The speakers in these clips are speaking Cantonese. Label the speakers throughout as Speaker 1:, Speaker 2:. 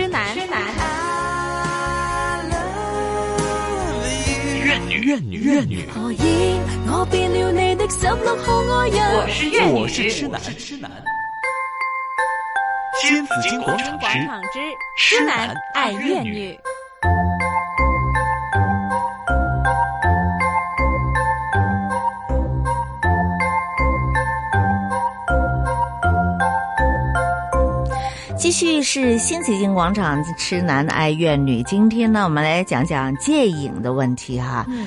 Speaker 1: 痴男，
Speaker 2: 怨、啊、女，怨女，怨女。我是怨女，我是痴男，我是痴男。金紫荊廣場之
Speaker 3: 痴男愛怨女。
Speaker 1: 繼續是新紫荊廣場痴男愛怨女，今天呢，我們來講講戒癮的問題哈。嗯，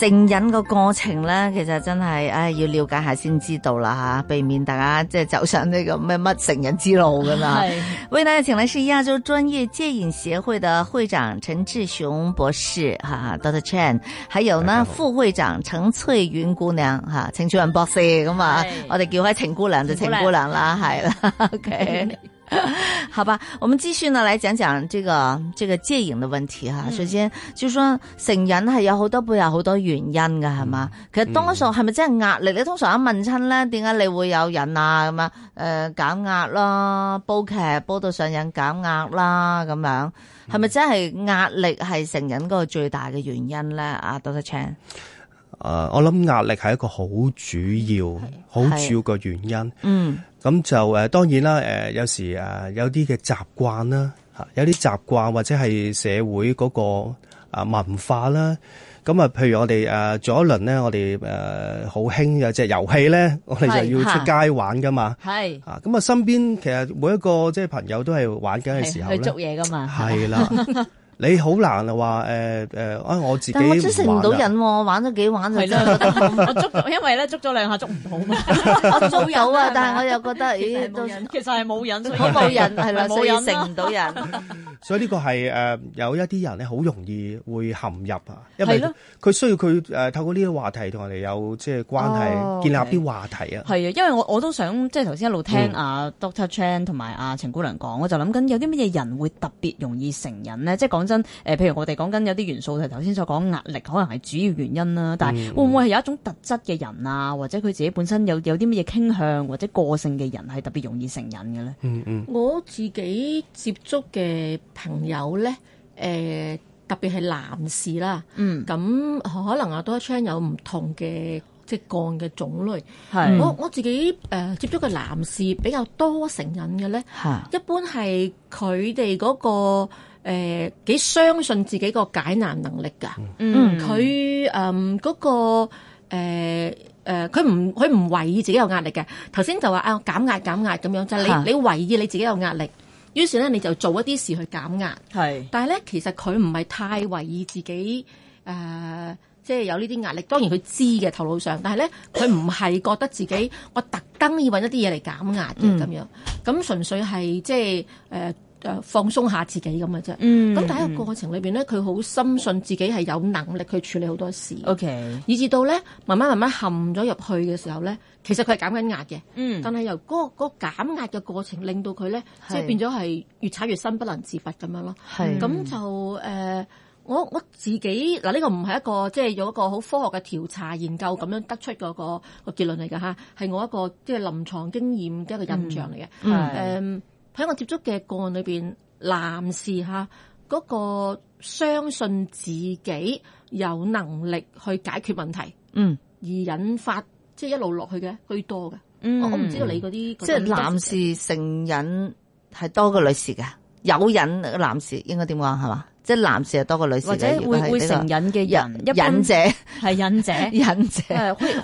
Speaker 1: 成人嘅過程呢其實真係唉、哎，要了解一下先知道啦吓，避免大家即係走上呢、這個咩乜成人之路噶啦。為大家請來是亞洲專業戒癮協會的會長陳志雄博士，哈，Doctor Chan，還有呢，副會長程翠雲姑娘，哈，程翠雲博士，咁啊，我哋叫開程姑娘就程姑娘啦，係啦 ，OK。 好吧，我們繼續呢來講講這個這個戒癮的問題哈、嗯。首先就說成癮係有好多部有好多原因噶，係嘛、嗯？其實多數係咪真係壓力你通常一問親咧，點解你會有癮啊？咁啊，誒、呃、減壓啦，煲劇煲到上癮減壓啦，咁樣係咪真係壓力係成癮嗰個最大嘅原因咧、嗯？啊，Doctor Chan。
Speaker 2: 誒、呃，我諗壓力係一個好主要、好主要嘅原因。嗯、啊，咁就誒、呃，當然啦，誒、呃，有時誒、呃，有啲嘅習慣啦，吓，有啲習慣或者係社會嗰、那個啊、呃、文化啦。咁、呃、啊，譬如我哋誒、呃、做一輪咧，我哋誒好興嘅即隻遊戲咧，我哋就要出街玩噶嘛。係啊，咁啊，啊呃、身邊其實每一個即係朋友都係玩緊嘅時候去做嘢
Speaker 1: 噶嘛？係啦。
Speaker 2: 你好難話誒、誒，我自己，我真食唔到癮，
Speaker 1: 啊，我玩咗幾玩就係咯，覺得 我捉，因為咧捉咗兩下捉唔到嘛， 我捉到啊， 但係我又覺得咦，其實係冇癮，我冇癮係啦， 所以食唔到癮。
Speaker 2: 所以呢個係誒、呃、有一啲人咧，好容易會陷入啊，因為佢需要佢、呃、透過呢個話題同我哋有即係關係，oh, okay. 建立啲話題啊。係
Speaker 1: 啊，因為我我都想即係頭先一路聽阿、嗯啊、Doctor Chan 同埋阿程姑娘講，我就諗緊有啲乜嘢人會特別容易成癮呢？即係講真誒、呃，譬如我哋講緊有啲元素係頭先所講壓力，可能係主要原因啦。但係會唔會係有一種特質嘅人啊，或者佢自己本身有有啲乜嘢傾向或者個性嘅人係特別容易成癮嘅咧？
Speaker 2: 嗯
Speaker 3: 嗯，我自己接觸嘅朋友咧，誒、呃，特別係男士啦，嗯，咁可能阿多一 c 有唔同嘅即係干嘅種類，係我我自己誒、呃、接觸嘅男士比較多成人嘅咧，係一般係佢哋嗰個誒幾、呃、相信自己個解難能力㗎，嗯，佢誒嗰個誒誒佢唔佢唔懷疑自己有壓力嘅，頭先就話啊減壓減壓咁樣，就係、是、你你懷疑你自己有壓力。於是咧，你就做一啲事去減壓。係，但係咧，其實佢唔係太為意自己誒、呃，即係有呢啲壓力。當然佢知嘅頭腦上，但係咧，佢唔係覺得自己我特登要搵一啲嘢嚟減壓嘅咁、嗯、樣。咁純粹係即係、呃放鬆下自己咁嘅啫，咁、嗯、係個過程裏面咧，佢好深信自己係有能力去處理好多事。O、okay. K，以至到咧，慢慢慢慢陷咗入去嘅時候咧，其實佢係減緊壓嘅。嗯，但係由嗰、那個那個減壓嘅過程，令到佢咧，即係變咗係越踩越深，不能自拔咁樣咯。係，咁就誒、呃，我我自己嗱呢、呃這個唔係一個即係、就是、有一個好科學嘅調查研究咁樣得出嗰個結論嚟嘅，係我一個即係、就是、臨床經驗嘅一個印象嚟嘅。嗯.喺我接觸嘅個案裏邊，男士下嗰個相信自己有能力去解決問題，嗯，而引發即係、就是、一路落去嘅居多嘅、嗯。我我唔知道你嗰啲，即係男
Speaker 1: 士成癮係多過女士嘅，有癮男士應該點講係嘛？是吧？即係男士又多過女士，或者會會成癮嘅人，癮者係癮者，癮者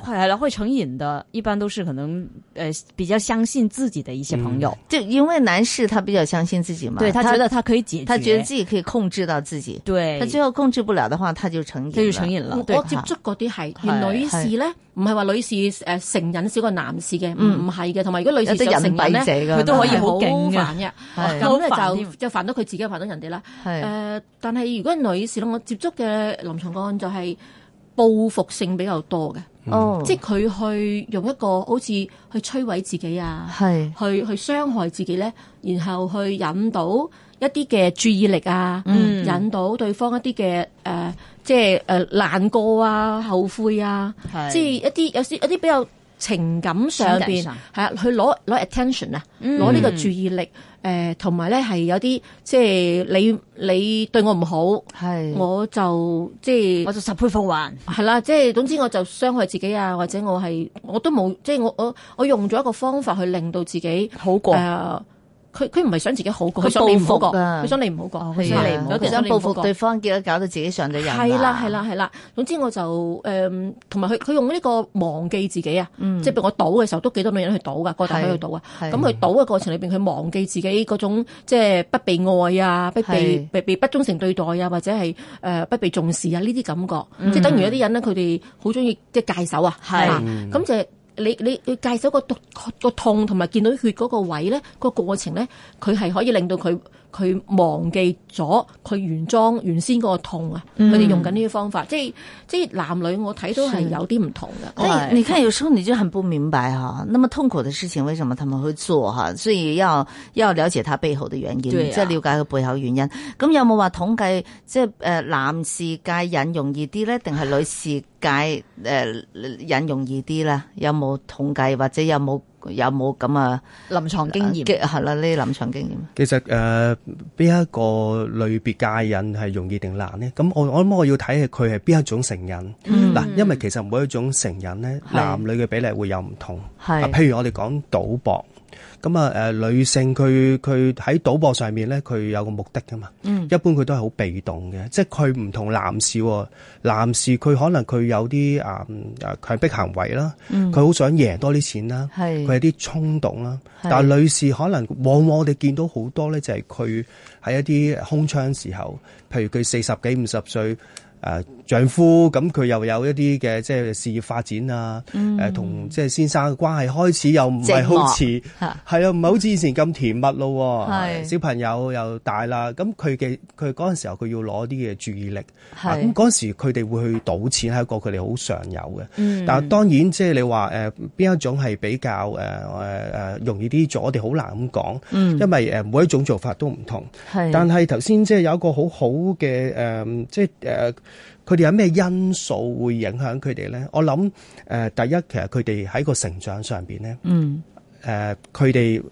Speaker 1: 係啦，可以成癮的一般都是可能誒、呃、比較相信自己嘅一些朋友、嗯，就因為男士他比較相信自己嘛，對他覺得他，他可以解決，他覺得自己可以控制到自己，對他最後控制不了的話，他就成癮，就成癮啦。我接觸
Speaker 3: 嗰啲係，而、啊、女士呢唔係話女士誒、呃、成癮少過男士嘅，唔唔係嘅，同埋如果女士想成癮咧，佢都可以好勁嘅，咁就就煩到佢自己，煩到人哋啦。誒。但係如果是女士咧，我接觸嘅臨床個案就係報復性比較多嘅、哦，即係佢去用一個好似去摧毀自己啊，去去傷害自己咧，然後去引到一啲嘅注意力啊、嗯，引到對方一啲嘅誒，即係誒、呃、難過啊、後悔啊，即係一啲有時一啲比較。情感上邊係啊，去攞攞 attention 啊、嗯，攞呢個注意力，誒、呃，同埋咧係有啲即係你你對我唔好，係我就即係我就十倍奉還，係啦、啊，即係總之我就傷害自己啊，或者我係我都冇，即係我我我用咗一個方法去令到自己好過。呃佢佢唔係想自己好過，佢想你唔好過。佢、啊、想你唔好過，佢想你唔好過，佢、啊、想報復對方，結果搞到自己上咗人。係啦，係啦，係啦、啊啊啊啊啊啊。總之我就誒，同埋佢佢用呢個忘記自己啊，嗯、即係譬如我賭嘅時候，都幾多女人去賭噶，個大都去賭啊。咁佢賭嘅過程裏面，佢忘記自己嗰種即係不被愛啊，不被被不忠誠對待啊，或者係、呃、不被重視啊呢啲感覺，嗯、即係等於有啲人咧，佢哋好中意即係戒手啊，係咁、啊嗯、就。你你介紹、那個那個痛同埋見到血嗰個位咧，那個過程咧，佢係可以令到佢佢忘記咗佢原裝原先嗰個痛啊！佢、嗯、哋用緊呢啲方法，即係即係男女我睇都係有啲唔同㗎。你
Speaker 1: 睇完你真係不明白吓，那麼痛苦嘅事情為什麼他們會做吓？所以要要了解他背後嘅原因，即係、啊、了解佢背後原因。咁有冇話統計即係誒男士戒癮容易啲咧，定係女士？ 戒誒引容易啲啦，有冇統計，或者有冇
Speaker 2: 有冇咁啊
Speaker 1: 臨牀經驗？係啦，呢啲臨牀經驗。
Speaker 2: 其實誒，邊一個類別戒癮係容易定難咧？咁我我諗我要睇下佢係邊一種成癮。嗱，因為其實每一種成癮咧，男女嘅比例會有唔同。係，譬如我哋講賭博。咁啊，誒，女性佢佢喺賭博上面咧，佢有個目的㗎嘛。嗯，一般佢都係好被動嘅，即係佢唔同男士。男士佢可能佢有啲啊啊強迫行為啦，佢好想贏多啲錢啦，佢、嗯、有啲衝動啦。但係女士可能往往我哋見到好多咧，就係佢喺一啲空窗時候，譬如佢四十幾五十歲。誒丈夫，咁佢又有一啲嘅即係事業發展啊，誒同即係先生嘅關係開始又唔係好似係啊，唔係好似以前咁甜蜜咯。喎。小朋友又大啦，咁佢嘅佢嗰陣時候佢要攞啲嘅注意力，
Speaker 3: 咁嗰、啊、
Speaker 2: 時佢哋會去賭錢係一個佢哋好常有嘅、嗯。但係當然即係你話誒邊一種係比較誒、呃、容易啲做，我哋好難咁講、嗯，因為誒每一種做法都唔同。但係頭先即係有一個好好嘅誒，即係、呃佢哋有咩因素會影響佢哋咧？我諗誒、呃，第一其實佢哋喺個成長上邊咧，誒、嗯，佢、呃、哋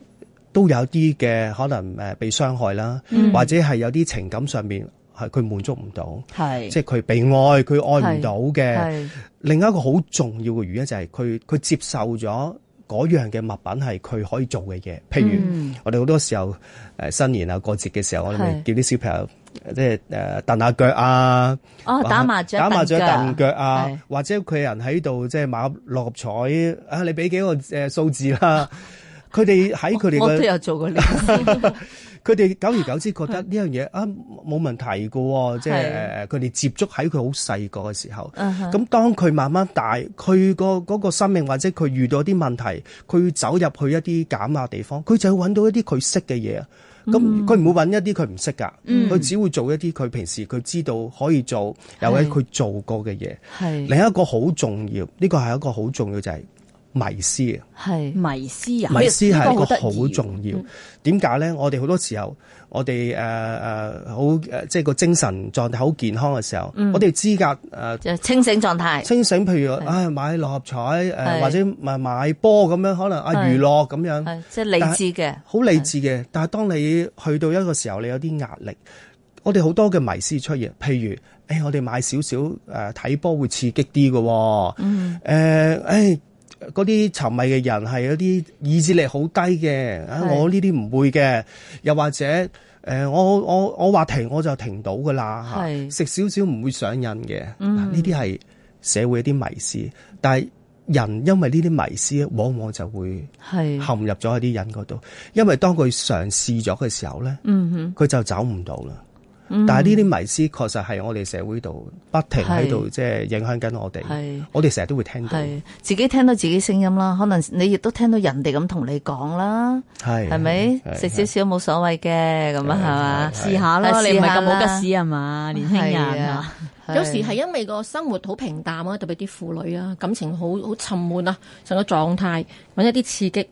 Speaker 2: 都有啲嘅可能誒被傷害啦、嗯，或者係有啲情感上邊係佢滿足唔到，係即係佢被愛，佢愛唔到嘅。另一個好重要嘅原因就係佢佢接受咗嗰樣嘅物品係佢可以做嘅嘢。譬如、嗯、我哋好多時候誒、呃、新年啊過節嘅時候，我哋叫啲小朋友。即係誒，蹬下腳啊！
Speaker 1: 哦，打麻雀，打麻雀，蹬
Speaker 2: 腳啊！或者佢人喺度，即係買六合彩啊！你俾幾個誒數字啦、啊？佢哋喺佢哋嘅，都有做過。佢哋久而久之覺得呢樣嘢啊，冇問題噶、哦。即係誒，佢哋接觸喺佢好細個嘅時候，咁當佢慢慢大，佢、那個、那個生命或者佢遇到啲問題，佢走入去一啲 g a 地方，佢就搵到一啲佢識嘅嘢。咁佢唔會揾一啲佢唔識噶，佢、嗯、只會做一啲佢平時佢知道可以做，又或者佢做過嘅嘢。另一個好重要，呢、呢個係一個好重要就係迷思啊。
Speaker 3: 係迷思啊，迷思係一個好重
Speaker 2: 要。點解咧？我哋好多時候。我哋誒誒好，即係個精神狀態好健康嘅時候，嗯、我哋資格誒、呃、清醒狀態，清醒。譬如啊、哎，買六合彩或者係買波咁樣，可能啊娛樂咁樣，即係理智嘅，好理智嘅。但係當你去到一個時候，你有啲壓力，我哋好多嘅迷思出現。譬如誒、哎，我哋買少少誒睇波會刺激啲嘅喎，嗯呃哎嗰啲沉迷嘅人係有啲意志力好低嘅、啊，我呢啲唔會嘅。又或者誒、呃，我我我話停我就停到㗎喇，食少少唔會上癮嘅。呢啲係社會一啲迷思，但係人因為呢啲迷思，往往就會陷入咗喺啲癮嗰度。因為當佢嘗試咗嘅時候咧，佢、嗯、就走唔到啦。但係呢啲迷思確實係我哋社會度不停喺度，即係影響緊我哋。我哋成日都會聽到
Speaker 1: 自己聽到自己聲音啦，可能你亦都聽到人哋咁同你講啦，
Speaker 2: 係咪食少
Speaker 1: 少冇所謂嘅咁樣？係嘛，試下啦，你唔係咁冇得屎係嘛，年輕人呀，
Speaker 3: 有時係因為個生活好平淡啊，特別啲婦女啊，感情好好沉悶啊，成個狀態搵一啲刺激，誒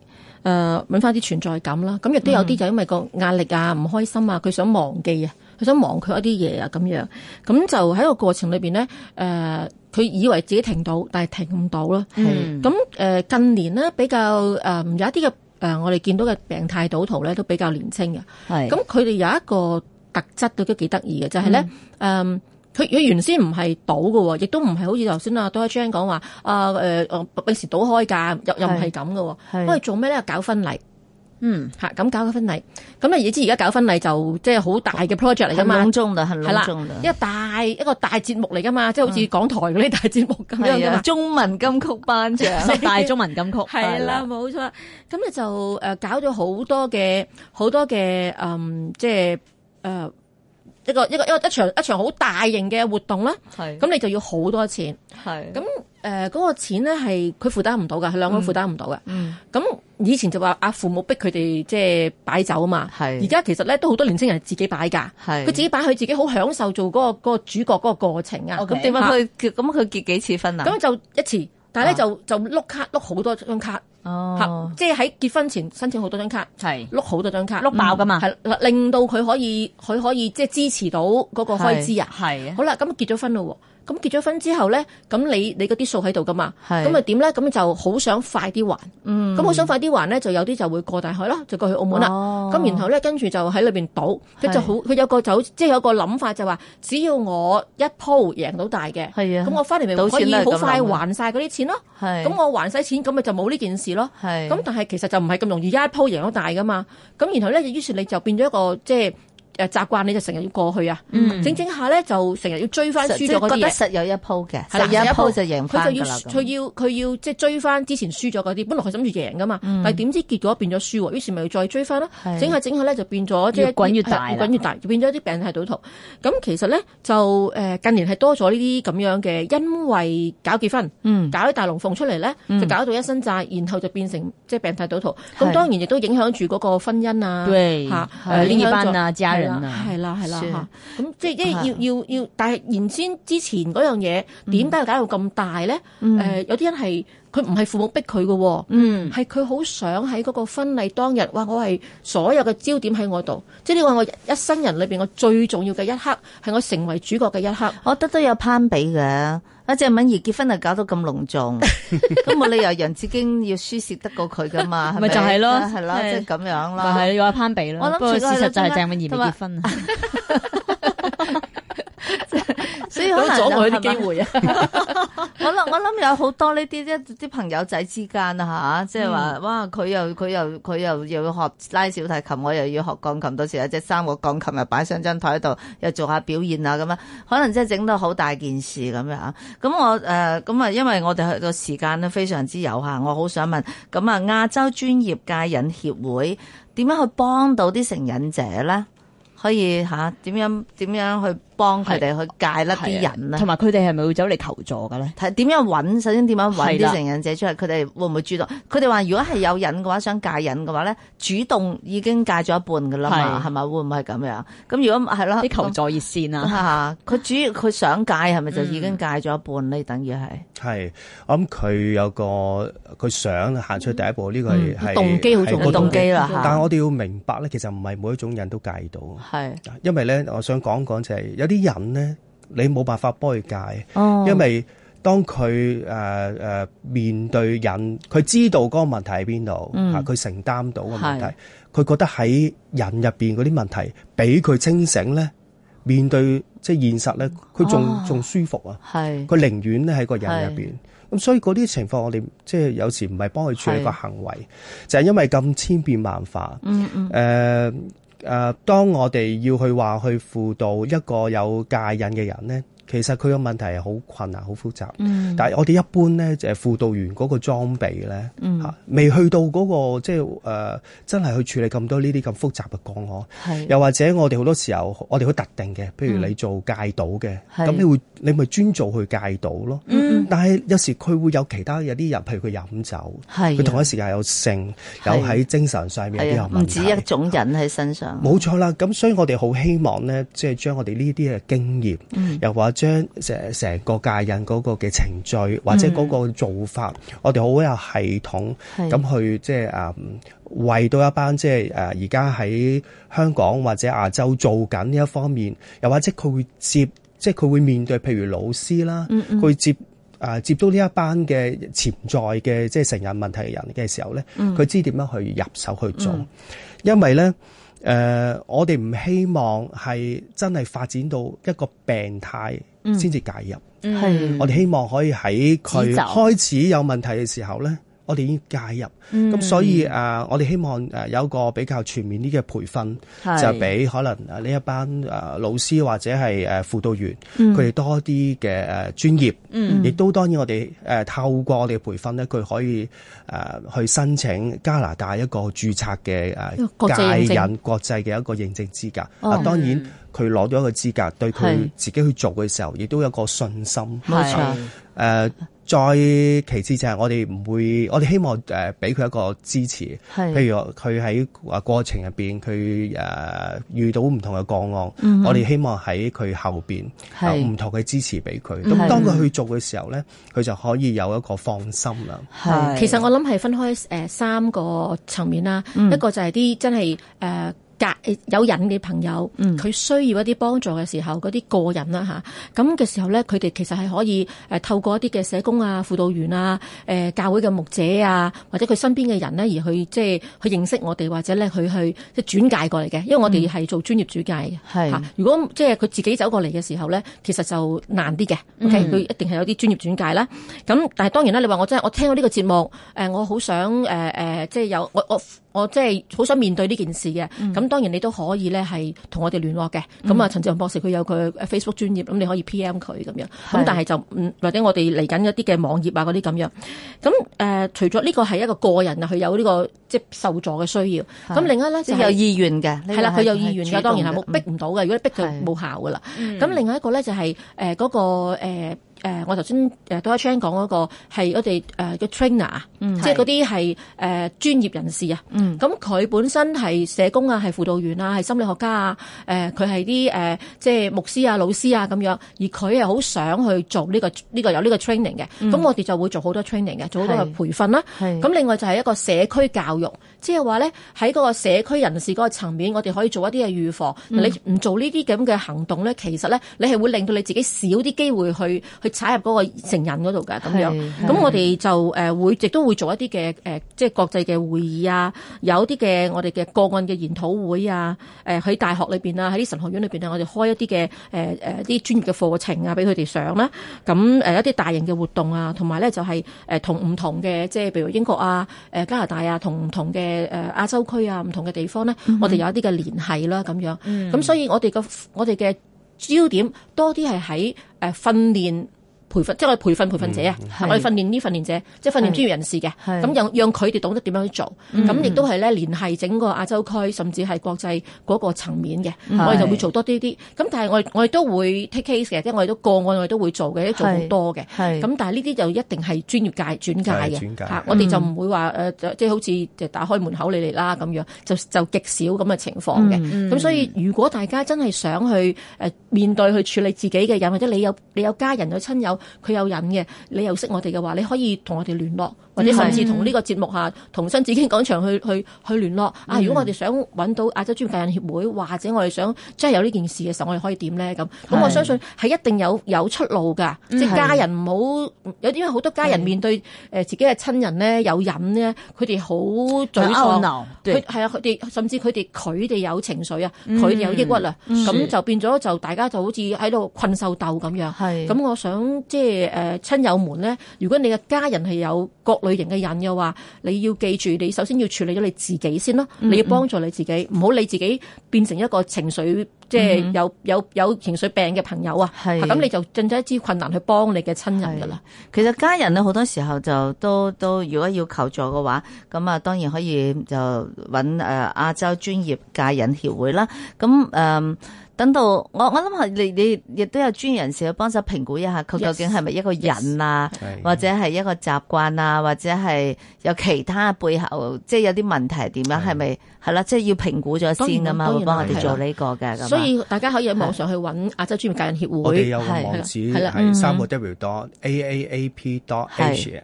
Speaker 3: 揾翻啲存在感啦。咁亦都有啲就因為個壓力啊、唔開心啊，佢想忘記啊。佢想忘佢一啲嘢啊，咁樣咁就喺個過程裏邊咧，誒、呃，佢以為自己停到，但係停唔到咯。係咁誒，近年咧比較誒、呃，有一啲嘅誒，我哋見到嘅病態賭徒咧，都比較年輕嘅。係咁，佢哋有一個特質都幾得意嘅，就係、是、咧，誒、嗯，佢、呃、佢原先唔係賭嘅喎，亦都唔係好似頭先啊 Doctor Jane 講話啊誒，誒、呃，平、呃、時賭開㗎，又又唔係咁嘅喎，係，佢哋做咩咧？搞婚禮。嗯，吓、嗯、咁、嗯、搞個婚禮，咁你知而家搞婚禮就即係好大嘅 project 嚟噶嘛，隆重就係隆重啦，一個大一個大節目嚟噶嘛，即係好似港台嗰啲大節目咁樣嘅嘛、啊，中文金曲頒獎 大中文金曲係 啦，冇錯。咁你就誒、呃、搞咗好多嘅好多嘅誒、嗯，即係誒、呃、一個一個一個一場一場好大型嘅活動啦，咁你就要好多錢，係咁誒嗰個錢咧係佢負擔唔到噶，係兩個人負擔唔到嘅，嗯咁。嗯以前就話阿父母逼佢哋即係擺酒啊嘛，而家其實咧都好多年輕人自己擺㗎，佢自己擺佢自己好享受做嗰、嗰個嗰個主角嗰個過程啊。咁點解佢咁佢結幾次婚啊？咁就一次，但係咧就、啊、就碌卡碌好多張卡，即係喺結婚前申請多好多張卡，碌好多張卡碌爆㗎嘛，令到佢可以佢可以即係支持到嗰個開支啊。係好啦，咁結咗婚嘞喎、啊。咁結咗婚之後咧，咁你你嗰啲數喺度噶嘛？咁咪點咧？咁就好想快啲還。嗯。咁好想快啲還咧，就有啲就會過大海啦，就過去澳門啦。哦。咁然後咧，跟住就喺裏面賭，佢就好，佢有個走即係有個諗法，就話、是就是、只要我一鋪贏到大嘅，係啊。咁我翻嚟咪可以好快還晒嗰啲錢咯。係。咁我還晒錢，咁咪就冇呢件事咯。係。咁但係其實就唔係咁容易，一鋪贏到大噶嘛。咁然後咧，於是你就變咗一個即、就是誒，習慣你就成日要過去啊，嗯、整整下咧就成日要追翻輸咗嗰啲，覺得實
Speaker 1: 有一鋪嘅，實有一鋪就贏。佢就
Speaker 3: 要佢要，即係追翻之前輸咗嗰啲。本來佢諗住贏㗎嘛，嗯、但係點知結果變咗輸，於是咪要再追翻咯。整下整下咧就變咗，即係越滾越大，越滾越大，變咗啲病態賭徒。咁其實咧就誒近年係多咗呢啲咁樣嘅，因為搞結婚，嗯、搞啲大龍鳳出嚟咧，嗯，就搞到一身債，然後就變成即係、就是、病態賭徒。咁當然亦都影響住嗰個婚姻啊，吓，啊，另一半啊，家人。係、嗯、啦，係啦吓，咁即係，因為、嗯、要要要，但係原先之前嗰樣嘢，點解搞到咁大咧？誒、嗯呃，有啲人係佢唔係父母逼佢嘅，嗯，係佢好想喺嗰個婚禮當日，哇！我係所有嘅焦點喺我度，即係你話我一,一生人裏邊我最重要嘅一刻，係我成為主角嘅一刻。我覺得都有攀比嘅。
Speaker 1: 阿鄭敏儀結婚啊，搞到咁隆重，都 冇理由楊子京要輸蝕得過佢噶嘛，咪 是吧、 啊、就係、是、咯，係咯，即係咁樣啦，係你話攀比啦。不過事實就係鄭敏儀未結婚。啊， 所以可能就係嘛，我諗我諗有好多呢啲一啲朋友仔之間啊嚇，即係話哇佢又佢又佢又要學拉小提琴，我又要學鋼琴，到時候有隻三個鋼琴又擺上張台度，又做下表現啊咁樣可能真係整到好大件事咁樣啊！咁我誒咁啊，因為我哋個時間咧非常之有限，我好想問咁啊，亞洲專業戒癮協會點樣去幫到啲成癮者咧？可以嚇點樣、啊、點樣點樣去？幫佢哋去戒甩啲癮呢，咧，同埋佢哋係咪會走嚟求助嘅咧？睇點樣揾，首先點樣揾啲成癮者出嚟？佢哋會唔會主動？佢哋話如果係有癮嘅話，想戒癮嘅話咧，主動已經戒咗一半噶啦嘛，係咪？會唔會係咁樣？咁如果係咯啲求助熱線啊，吓佢主要佢想戒係咪就已經戒咗一半呢？嗯、等於係
Speaker 2: 係，我諗佢有個佢想行出去第一步呢、嗯、個動機好重要動機啦。但係我哋要明白咧，其實唔係每一種癮都戒到，係因為咧，我想講講就係、是啲人咧，你冇辦法幫佢戒、哦，因為當佢誒誒面對人，佢知道嗰個問題喺邊度，嚇、嗯、佢、啊、承擔到個問題，佢覺得喺人入邊嗰啲問題比佢清醒咧，面對即係現實咧，佢仲仲舒服啊，佢寧願咧喺個人入邊。咁所以嗰啲情況我，我哋即係有時唔係幫佢處理個行為，是就係、是、因為咁千變萬化，誒、嗯。嗯呃誒，當我哋要去話去輔導一個有戒癮嘅人咧。其實佢個問題好困難、好複雜，嗯、但係我哋一般咧就係輔導員嗰個裝備咧未、嗯啊、去到嗰、那個即係、就是呃、真係去處理咁多呢啲咁複雜嘅個案，又或者我哋好多時候我哋好特定嘅，譬如你做戒毒嘅，咁、嗯、你會你咪專做去戒毒咯。嗯、但係有時佢會有其他有啲人，譬如佢飲酒，佢同一時間有性，有喺精神上面有，有問唔
Speaker 1: 止一種人喺身上。冇、
Speaker 2: 啊、錯啦，咁所以我哋好希望咧，即、就、係、是、將我哋呢啲嘅經驗、嗯，又或者。將誒成個介入嗰個嘅程序，或者嗰個做法，嗯、我哋好有系統咁去，即係誒為到一班即係誒而家喺香港或者亞洲做緊呢一方面，又或者佢會接，即係佢會面對，譬如老師啦，佢、嗯嗯、接誒、呃、接觸呢一班嘅潛在嘅即係成人問題嘅人嘅時候咧，佢、嗯、知點樣去入手去做，嗯、因為咧誒、呃，我哋唔希望係真係發展到一個病態。先至介入，嗯嗯、我哋希望可以喺佢開始有問題嘅時候咧。我哋已經介入，咁、嗯、所以誒，uh, 我哋希望誒、uh, 有一個比較全面啲嘅培訓，就俾可能誒呢一班誒、uh, 老師或者係誒輔導員，佢、嗯、哋多啲嘅誒專業，亦、嗯嗯、都當然我哋誒、uh, 透過我哋嘅培訓咧，佢可以誒、uh, 去申請加拿大一個註冊嘅誒戒癮國際嘅一個認證資格。啊、哦 uh, 嗯，當然佢攞到一個資格，對佢自己去做嘅時候，亦都有個信心。冇錯，誒、uh,。Uh, 再其次就係我哋唔會，我哋希望誒俾佢一個支持，譬如佢喺話過程入邊佢誒遇到唔同嘅個案，嗯、我哋希望喺佢後邊有唔同嘅支持俾佢。咁當佢去做嘅時候咧，佢就可以有一個放心啦。係，其實
Speaker 3: 我諗係分開誒三個層面啦、嗯，一個就係啲真係誒。呃有癮嘅朋友，佢需要一啲幫助嘅時候，嗰啲個人啦嚇，咁嘅時候咧，佢哋其實係可以誒透過一啲嘅社工啊、輔導員啊、誒教會嘅牧者啊，或者佢身邊嘅人咧，而去即係去認識我哋，或者咧佢去即係轉介過嚟嘅。因為我哋係做專業轉介嘅嚇。如果即係佢自己走過嚟嘅時候咧，其實就難啲嘅、嗯。O.K. 佢一定係有啲專業轉介啦。咁但係當然啦，你話我真係我聽過呢個節目，誒、呃、我好想誒誒、呃呃、即係有我我。我我即係好想面對呢件事嘅，咁、嗯、當然你都可以咧係同我哋聯絡嘅。咁、嗯、啊，陳志雄博士佢有佢 Facebook 專頁，咁你可以 PM 佢咁樣。咁但係就嗯，或者我哋嚟緊一啲嘅網頁啊嗰啲咁樣。咁誒、呃，除咗呢個係一個個人啊，佢有呢、這個即係、就是、受助嘅需要。咁另外咧就係、是、有意願嘅，係啦，佢有意願嘅，當然係冇逼唔到嘅。如果你逼佢就冇效噶啦。咁、嗯、另外一個咧就係誒嗰個、呃誒、呃，我頭先誒多阿 Cheng 講嗰、那個係我哋嘅、呃、trainer 啊、嗯，即係嗰啲係誒專業人士啊。咁、嗯、佢本身係社工啊，係輔導員啊，係心理學家啊。誒、呃，佢係啲誒即係牧師啊、老師啊咁樣。而佢又好想去做呢、這個呢、這個有呢個 training 嘅。咁、嗯、我哋就會做好多 training 嘅，做好多嘅培訓啦、啊。咁另外就係一個社區教育，即係話咧喺嗰個社區人士嗰個層面，我哋可以做一啲嘅預防。嗯、你唔做呢啲咁嘅行動咧，其實咧你係會令到你自己少啲機會去去。踩入嗰個成人嗰度㗎，咁樣，咁我哋就誒會，亦都會做一啲嘅誒，即係國際嘅會議啊，有啲嘅我哋嘅個案嘅研討會啊，誒喺大學裏面啊，喺啲神學院裏面啊，我哋開一啲嘅誒啲專業嘅課程啊，俾佢哋上啦。咁、呃、一啲大型嘅活動啊，同埋咧就係誒同唔同嘅，即係譬如英國啊、加拿大啊，同唔同嘅誒亞洲區啊，唔同嘅地方咧，我哋有一啲嘅聯繫啦，咁樣。咁、嗯、所以我哋嘅我哋嘅焦點多啲係喺訓練。培訓即係我哋培訓培訓者啊！我哋訓練呢訓練者，即係訓練專業人士嘅。咁又讓佢哋懂得點樣去做，咁亦都係咧連係整個亞洲區，甚至係國際嗰個層面嘅。我哋就會做多啲啲。咁但係我我哋都會 take case，即係我哋都個案我哋都會做嘅，都做好多嘅。咁但係呢啲就一定係專業界轉介嘅，嚇！我哋就唔會話誒，即係好似就打開門口你嚟啦咁樣，就就極少咁嘅情況嘅。咁所以如果大家真係想去誒面對去處理自己嘅人，或者你有你有家人有親友，佢有癮嘅，你又識我哋嘅話，你可以同我哋聯絡。你哋上次同呢個節目下同新紫荊廣場去去去聯絡啊，如果我哋想揾到亞洲專業戒癮協會，或者我哋想真係有呢件事嘅時候，我哋可以點咧？咁咁，我相信係一定有有出路噶，即係家人唔好有，因為好多家人面對誒自己嘅親人咧有癮咧，佢哋好沮喪。佢係啊，佢哋甚至佢哋佢哋有情緒啊，佢、嗯、哋有抑鬱啊，咁就變咗就大家就好似喺度困獸鬥咁樣，係咁，我想即係誒親友們咧，如果你嘅家人係有各類類型嘅人又話，你要記住，你首先要處理咗你自己先咯、嗯嗯。你要幫助你自己，唔、嗯、好、嗯、你自己變成一個情緒，即、就、係、是、有嗯嗯有有情緒病嘅朋友啊。係咁，你就盡咗一支困難去幫你嘅親人噶啦。
Speaker 1: 其實家人咧，好多時候就都都，如果要求助嘅話，咁啊，當然可以就揾誒亞洲專業戒癮協會啦。咁誒。呃等到我我諗下你你亦都有專業人士去幫手評估一下佢究竟係咪一個人啊，yes, yes, yes, yes, 或者係一個習慣啊，或者係有其他背後即係有啲、就是、問題點
Speaker 3: 樣，係咪係啦？即係要評估咗先咁樣會幫我哋做呢個嘅。所以大家可以喺網上去揾亞洲專業戒癮協會。我哋有網址係三個
Speaker 2: W 多 A A A P 多 H，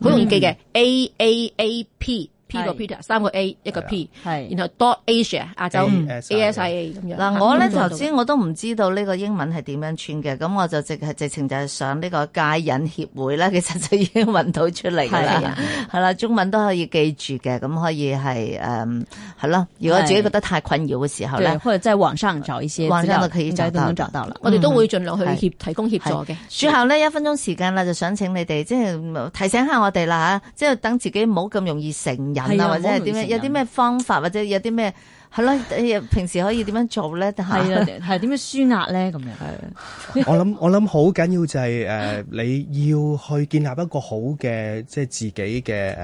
Speaker 2: 好容易記
Speaker 3: 嘅 A A A P。嗯 A-A-A-P P 個 Peter，三個 A 一個 P，係然後 dot Asia 啊，亞洲 A S I A 咁樣。嗱，我咧頭先
Speaker 1: 我都唔知道呢個英文係點樣串嘅，咁我就直係直情就係上呢個戒癮協會啦，其實就已經揾到出嚟啦。係 啦，中文都可以記住嘅，咁可以係誒，係、嗯、咯。如果自己覺得太困擾嘅時候咧，可以即係網上找一些，網上可以找到，找到啦、嗯。我哋都會盡量去協提供協助嘅。最後呢，一分鐘時間啦，就想請你哋即係提醒下我哋啦吓，即係等自己唔好咁容易成。人啊，或者係點樣？有啲咩方法，或者有啲咩？係啦，誒，平時可以點樣做咧？係 啊，係點樣舒壓咧？咁樣係。我諗
Speaker 2: 我諗好緊要就係誒，你要去建立一個好嘅，即係自己嘅誒、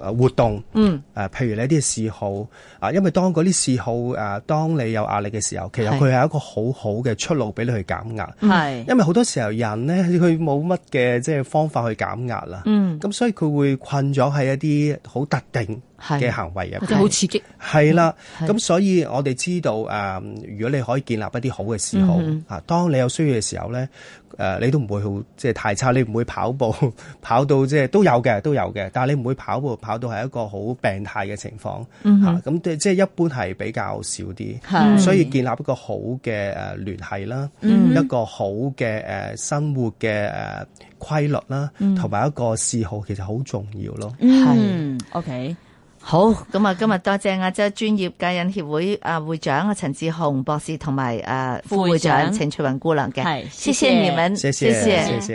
Speaker 2: 呃、活動。嗯。誒，譬如呢啲嗜好。啊、呃，因為當嗰啲嗜好誒、呃，當你有壓力嘅時候，其實佢係一個好好嘅出路俾你去減壓。係。因為好多時候人咧，佢冇乜嘅即係方法去減壓啦。嗯。咁所以佢會困咗喺一啲好特定嘅行為啊，好刺激！係啦，咁所以我哋知道，誒、嗯，如果你可以建立一啲好嘅嗜好啊，當你有需要嘅時候咧，誒、嗯呃，你都唔會好即係、就是、太差，你唔會跑步跑到即係都有嘅，都有嘅，但係你唔會跑步跑到係一個好病態嘅情況嚇，咁即係一般係比較少啲，所以建立一個好嘅誒聯繫啦、嗯，一個好嘅誒生活嘅誒規律啦，同、嗯、埋一個嗜好其實好重要咯，係 OK。好，
Speaker 1: 咁啊，今日多謝啊，亞洲專業戒癮協會啊會長啊陳志雄博士同埋啊副會長程翠雲姑娘嘅，係，謝謝你們，謝謝，謝謝。謝謝謝謝。